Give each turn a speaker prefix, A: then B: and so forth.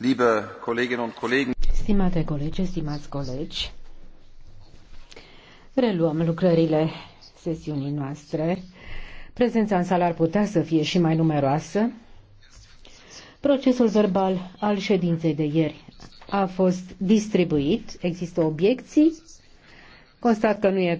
A: Stimate
B: colegi, stimați colegi, reluăm lucrările sesiunii noastre. Prezența în sală ar putea să fie și mai numeroasă. Procesul verbal al ședinței de ieri a fost distribuit. Există obiecții? Constat că nu e